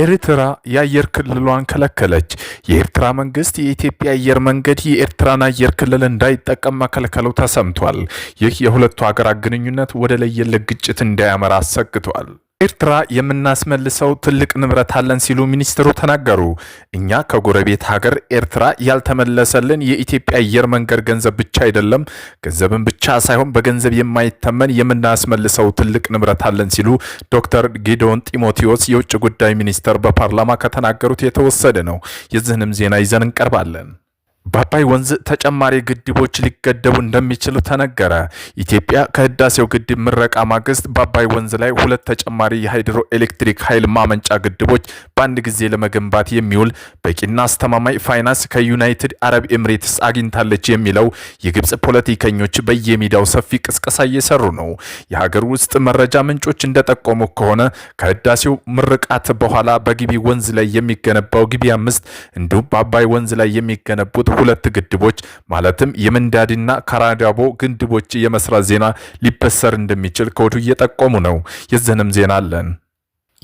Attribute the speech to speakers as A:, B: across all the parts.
A: ኤርትራ የአየር ክልሏን ከለከለች። የኤርትራ መንግስት የኢትዮጵያ አየር መንገድ የኤርትራን አየር ክልል እንዳይጠቀም መከልከሉ ተሰምቷል። ይህ የሁለቱ ሀገራት ግንኙነት ወደ ለየለት ግጭት እንዳያመራ አሰግቷል። ኤርትራ የምናስመልሰው ትልቅ ንብረት አለን ሲሉ ሚኒስትሩ ተናገሩ። እኛ ከጎረቤት ሀገር ኤርትራ ያልተመለሰልን የኢትዮጵያ አየር መንገድ ገንዘብ ብቻ አይደለም፣ ገንዘብን ብቻ ሳይሆን በገንዘብ የማይተመን የምናስመልሰው ትልቅ ንብረት አለን ሲሉ ዶክተር ጌዶን ጢሞቴዎስ የውጭ ጉዳይ ሚኒስተር በፓርላማ ከተናገሩት የተወሰደ ነው። የዚህንም ዜና ይዘን እንቀርባለን። በአባይ ወንዝ ተጨማሪ ግድቦች ሊገደቡ እንደሚችሉ ተነገረ። ኢትዮጵያ ከህዳሴው ግድብ ምረቃ ማግስት በአባይ ወንዝ ላይ ሁለት ተጨማሪ የሃይድሮ ኤሌክትሪክ ኃይል ማመንጫ ግድቦች በአንድ ጊዜ ለመገንባት የሚውል በቂና አስተማማኝ ፋይናንስ ከዩናይትድ አረብ ኤምሬትስ አግኝታለች የሚለው የግብፅ ፖለቲከኞች በየሚዲያው ሰፊ ቅስቀሳ እየሰሩ ነው። የሀገር ውስጥ መረጃ ምንጮች እንደጠቆሙ ከሆነ ከህዳሴው ምርቃት በኋላ በግቢ ወንዝ ላይ የሚገነባው ግቢ አምስት እንዲሁም በአባይ ወንዝ ላይ የሚገነቡት ሁለት ግድቦች ማለትም የመንዳዲና ካራዳቦ ግድቦች የመስራት ዜና ሊበሰር እንደሚችል ከወዲሁ እየጠቆሙ ነው። የዘንም ዜና አለን።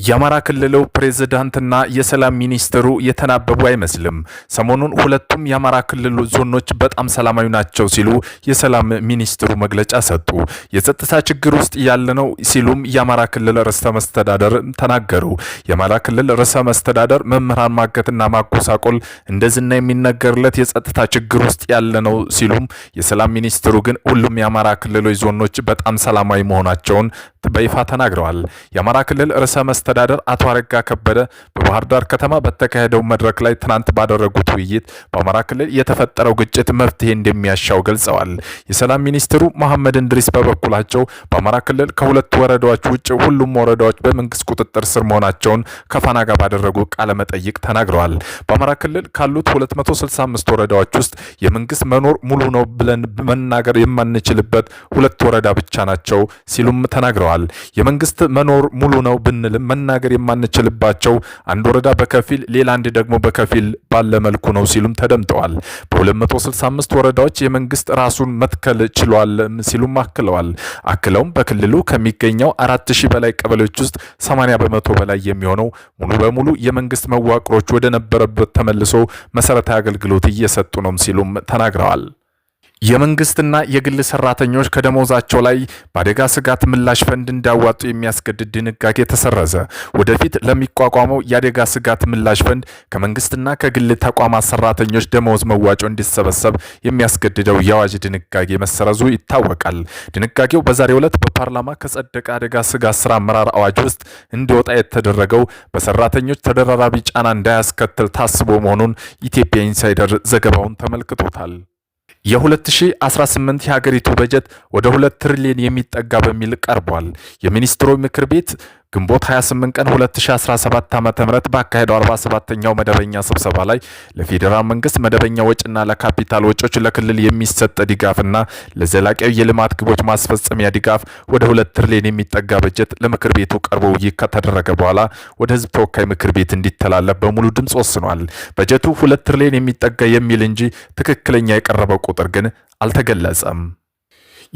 A: የአማራ ክልሉ ፕሬዝዳንትና የሰላም ሚኒስትሩ የተናበቡ አይመስልም። ሰሞኑን ሁለቱም የአማራ ክልሉ ዞኖች በጣም ሰላማዊ ናቸው ሲሉ የሰላም ሚኒስትሩ መግለጫ ሰጡ። የጸጥታ ችግር ውስጥ ያለነው ሲሉም የአማራ ክልል ርዕሰ መስተዳደር ተናገሩ። የአማራ ክልል ርዕሰ መስተዳደር መምህራን ማገትና ማጎሳቆል እንደዝና የሚነገርለት የጸጥታ ችግር ውስጥ ያለነው ሲሉም የሰላም ሚኒስትሩ ግን ሁሉም የአማራ ክልሎች ዞኖች በጣም ሰላማዊ መሆናቸውን በይፋ ተናግረዋል። የአማራ ክልል ርዕሰ አስተዳደር አቶ አረጋ ከበደ በባህር ዳር ከተማ በተካሄደው መድረክ ላይ ትናንት ባደረጉት ውይይት በአማራ ክልል የተፈጠረው ግጭት መፍትሄ እንደሚያሻው ገልጸዋል። የሰላም ሚኒስትሩ መሐመድ እንድሪስ በበኩላቸው በአማራ ክልል ከሁለት ወረዳዎች ውጭ ሁሉም ወረዳዎች በመንግስት ቁጥጥር ስር መሆናቸውን ከፋና ጋር ባደረጉ ቃለ መጠይቅ ተናግረዋል። በአማራ ክልል ካሉት 265 ወረዳዎች ውስጥ የመንግስት መኖር ሙሉ ነው ብለን መናገር የማንችልበት ሁለት ወረዳ ብቻ ናቸው ሲሉም ተናግረዋል። የመንግስት መኖር ሙሉ ነው ብንልም መናገር የማንችልባቸው አንድ ወረዳ በከፊል ሌላ አንድ ደግሞ በከፊል ባለ መልኩ ነው ሲሉም ተደምጠዋል። በ265 ወረዳዎች የመንግስት ራሱን መትከል ችሏል ሲሉም አክለዋል። አክለውም በክልሉ ከሚገኘው 4000 በላይ ቀበሌዎች ውስጥ 80 በመቶ በላይ የሚሆነው ሙሉ በሙሉ የመንግስት መዋቅሮች ወደ ነበረበት ተመልሶ መሰረታዊ አገልግሎት እየሰጡ ነው ሲሉም ተናግረዋል። የመንግስትና የግል ሰራተኞች ከደሞዛቸው ላይ በአደጋ ስጋት ምላሽ ፈንድ እንዲያዋጡ የሚያስገድድ ድንጋጌ ተሰረዘ። ወደፊት ለሚቋቋመው የአደጋ ስጋት ምላሽ ፈንድ ከመንግስትና ከግል ተቋማት ሰራተኞች ደሞዝ መዋጮ እንዲሰበሰብ የሚያስገድደው የአዋጅ ድንጋጌ መሰረዙ ይታወቃል። ድንጋጌው በዛሬው ዕለት በፓርላማ ከጸደቀ አደጋ ስጋት ስራ አመራር አዋጅ ውስጥ እንዲወጣ የተደረገው በሰራተኞች ተደራራቢ ጫና እንዳያስከትል ታስቦ መሆኑን ኢትዮጵያ ኢንሳይደር ዘገባውን ተመልክቶታል። የ2018 የሀገሪቱ በጀት ወደ ሁለት ትሪሊዮን የሚጠጋ በሚል ቀርቧል። የሚኒስትሮች ምክር ቤት ግንቦት 28 ቀን 2017 ዓ ም ባካሄደው 47ኛው መደበኛ ስብሰባ ላይ ለፌዴራል መንግስት መደበኛ ወጪና ለካፒታል ወጪዎች ለክልል የሚሰጥ ድጋፍና ለዘላቂያዊ የልማት ግቦች ማስፈጸሚያ ድጋፍ ወደ ሁለት ትሪሊዮን የሚጠጋ በጀት ለምክር ቤቱ ቀርቦ ውይይት ከተደረገ በኋላ ወደ ህዝብ ተወካይ ምክር ቤት እንዲተላለፍ በሙሉ ድምፅ ወስኗል። በጀቱ ሁለት ትሪሊዮን የሚጠጋ የሚል እንጂ ትክክለኛ የቀረበው ቁጥር ግን አልተገለጸም።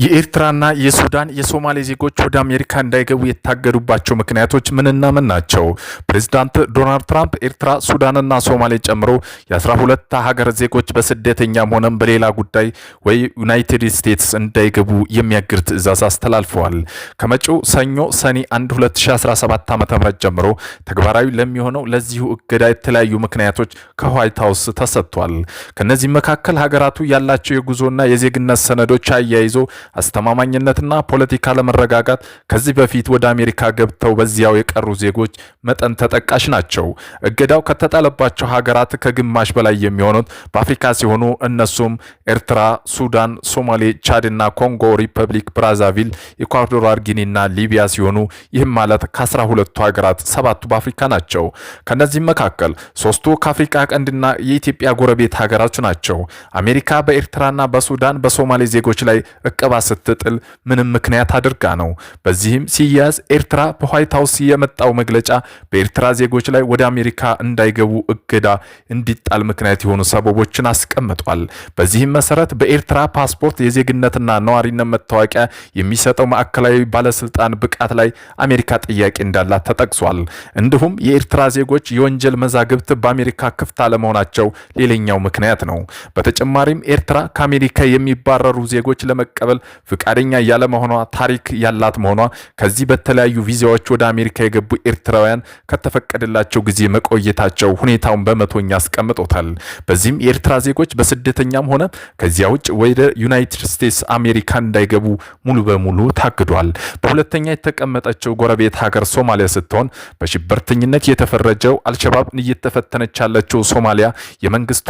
A: የኤርትራና የሱዳን የሶማሌ ዜጎች ወደ አሜሪካ እንዳይገቡ የታገዱባቸው ምክንያቶች ምንና ምን ናቸው? ፕሬዚዳንት ዶናልድ ትራምፕ ኤርትራ፣ ሱዳንና ሶማሌ ጨምሮ የአስራ ሁለት ሀገር ዜጎች በስደተኛም ሆነም በሌላ ጉዳይ ወይ ዩናይትድ ስቴትስ እንዳይገቡ የሚያግድ ትዕዛዝ አስተላልፈዋል። ከመጪው ሰኞ ሰኔ 1 2017 ዓ ም ጀምሮ ተግባራዊ ለሚሆነው ለዚሁ እገዳ የተለያዩ ምክንያቶች ከዋይት ሀውስ ተሰጥቷል። ከእነዚህ መካከል ሀገራቱ ያላቸው የጉዞና የዜግነት ሰነዶች አያይዞ አስተማማኝነትና ፖለቲካ ለመረጋጋት ከዚህ በፊት ወደ አሜሪካ ገብተው በዚያው የቀሩ ዜጎች መጠን ተጠቃሽ ናቸው። እገዳው ከተጣለባቸው ሀገራት ከግማሽ በላይ የሚሆኑት በአፍሪካ ሲሆኑ እነሱም ኤርትራ፣ ሱዳን፣ ሶማሌ፣ ቻድና ኮንጎ ሪፐብሊክ፣ ብራዛቪል፣ ኢኳዶራል ጊኒና ሊቢያ ሲሆኑ ይህም ማለት ከአስራ ሁለቱ ሀገራት ሰባቱ በአፍሪካ ናቸው። ከእነዚህም መካከል ሶስቱ ከአፍሪካ ቀንድና የኢትዮጵያ ጎረቤት ሀገራቱ ናቸው። አሜሪካ በኤርትራና በሱዳን በሶማሌ ዜጎች ላይ እቀ ቆጠባ ስትጥል ምንም ምክንያት አድርጋ ነው። በዚህም ሲያዝ ኤርትራ በዋይት ሀውስ የመጣው መግለጫ በኤርትራ ዜጎች ላይ ወደ አሜሪካ እንዳይገቡ እገዳ እንዲጣል ምክንያት የሆኑ ሰበቦችን አስቀምጧል። በዚህም መሰረት በኤርትራ ፓስፖርት የዜግነትና ነዋሪነት መታወቂያ የሚሰጠው ማዕከላዊ ባለስልጣን ብቃት ላይ አሜሪካ ጥያቄ እንዳላት ተጠቅሷል። እንዲሁም የኤርትራ ዜጎች የወንጀል መዛግብት በአሜሪካ ክፍት አለመሆናቸው ሌላኛው ምክንያት ነው። በተጨማሪም ኤርትራ ከአሜሪካ የሚባረሩ ዜጎች ለመቀበል ለመጠቅለል ፍቃደኛ ያለመሆኗ ታሪክ ያላት መሆኗ ከዚህ በተለያዩ ቪዛዎች ወደ አሜሪካ የገቡ ኤርትራውያን ከተፈቀደላቸው ጊዜ መቆየታቸው ሁኔታውን በመቶኛ አስቀምጦታል። በዚህም የኤርትራ ዜጎች በስደተኛም ሆነ ከዚያ ውጭ ወደ ዩናይትድ ስቴትስ አሜሪካ እንዳይገቡ ሙሉ በሙሉ ታግዷል። በሁለተኛ የተቀመጠችው ጎረቤት ሀገር ሶማሊያ ስትሆን በሽብርተኝነት የተፈረጀው አልሸባብ እየተፈተነች ያለችው ሶማሊያ የመንግስቷ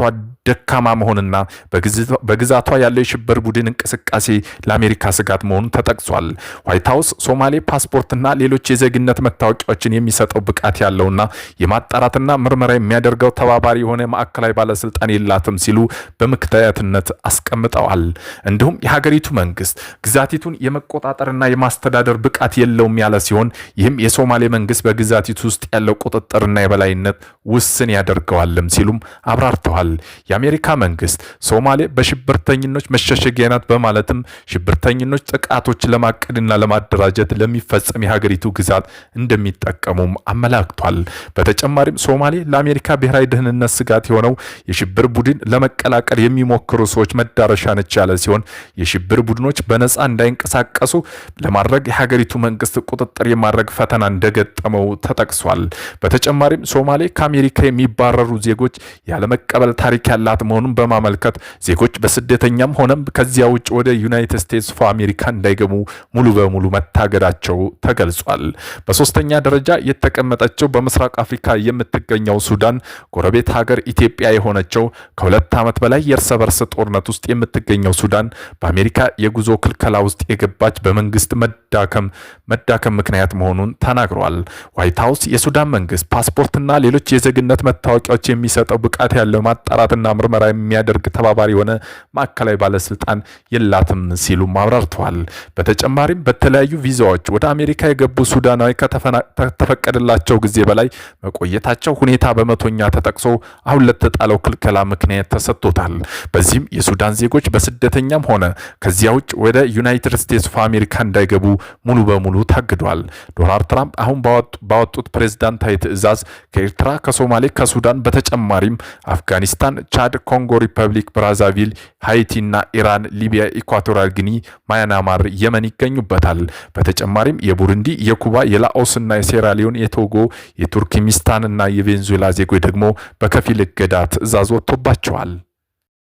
A: ደካማ መሆንና በግዛቷ ያለው የሽብር ቡድን እንቅስቃሴ ለአሜሪካ ስጋት መሆኑ ተጠቅሷል። ዋይት ሀውስ ሶማሌ ፓስፖርትና ሌሎች የዜግነት መታወቂያዎችን የሚሰጠው ብቃት ያለውና የማጣራትና ምርመራ የሚያደርገው ተባባሪ የሆነ ማዕከላዊ ባለስልጣን የላትም ሲሉ በምክንያትነት አስቀምጠዋል። እንዲሁም የሀገሪቱ መንግስት ግዛቲቱን የመቆጣጠርና የማስተዳደር ብቃት የለውም ያለ ሲሆን ይህም የሶማሌ መንግስት በግዛቲቱ ውስጥ ያለው ቁጥጥርና የበላይነት ውስን ያደርገዋልም ሲሉም አብራርተዋል። የአሜሪካ መንግስት ሶማሌ በሽብርተኝኖች መሸሸጊያ ናት በማለትም ሽብርተኝኖች ጥቃቶች ለማቀድና ለማደራጀት ለሚፈጸም የሀገሪቱ ግዛት እንደሚጠቀሙም አመላክቷል። በተጨማሪም ሶማሌ ለአሜሪካ ብሔራዊ ደህንነት ስጋት የሆነው የሽብር ቡድን ለመቀላቀል የሚሞክሩ ሰዎች መዳረሻ ነች ያለ ሲሆን የሽብር ቡድኖች በነፃ እንዳይንቀሳቀሱ ለማድረግ የሀገሪቱ መንግስት ቁጥጥር የማድረግ ፈተና እንደገጠመው ተጠቅሷል። በተጨማሪም ሶማሌ ከአሜሪካ የሚባረሩ ዜጎች ያለመቀበል ታሪክ ያላት መሆኑን በማመልከት ዜጎች በስደተኛም ሆነም ከዚያ ውጭ ወደ ዩናይትድ ስቴትስ ፎ አሜሪካ እንዳይገቡ ሙሉ በሙሉ መታገዳቸው ተገልጿል። በሶስተኛ ደረጃ የተቀመጠችው በምስራቅ አፍሪካ የምትገኘው ሱዳን ጎረቤት ሀገር ኢትዮጵያ የሆነችው ከሁለት ዓመት በላይ የእርስ በርስ ጦርነት ውስጥ የምትገኘው ሱዳን በአሜሪካ የጉዞ ክልከላ ውስጥ የገባች በመንግስት መዳከም መዳከም ምክንያት መሆኑን ተናግረዋል። ዋይት ሀውስ የሱዳን መንግስት ፓስፖርትና ሌሎች የዜግነት መታወቂያዎች የሚሰጠው ብቃት ያለው ማጣራትና ምርመራ የሚያደርግ ተባባሪ የሆነ ማዕከላዊ ባለስልጣን የላትም ሲሉም አብራርተዋል። በተጨማሪም በተለያዩ ቪዛዎች ወደ አሜሪካ የገቡ ሱዳናዊ ከተፈቀደላቸው ጊዜ በላይ መቆየታቸው ሁኔታ በመቶኛ ተጠቅሶ አሁን ለተጣለው ክልከላ ምክንያት ተሰጥቶታል። በዚህም የሱዳን ዜጎች በስደተኛም ሆነ ከዚያ ውጭ ወደ ዩናይትድ ስቴትስ ኦፍ አሜሪካ እንዳይገቡ ሙሉ በሙሉ ታግዷል። ዶናልድ ትራምፕ አሁን ባወጡት ፕሬዚዳንታዊ ትዕዛዝ ከኤርትራ፣ ከሶማሌ፣ ከሱዳን በተጨማሪም አፍጋኒስታን፣ ቻድ፣ ኮንጎ ሪፐብሊክ፣ ብራዛቪል፣ ሃይቲ እና ኢራን፣ ሊቢያ፣ ኢኳቶሪያል ጊኒ፣ ማያናማር፣ የመን ይገኙበታል። በተጨማሪም የቡሩንዲ፣ የኩባ፣ የላኦስና የሴራሊዮን፣ የቶጎ፣ እና የቬንዙዌላ ዜጎች ደግሞ በከፊል እገዳ ትዕዛዝ ወጥቶባቸዋል።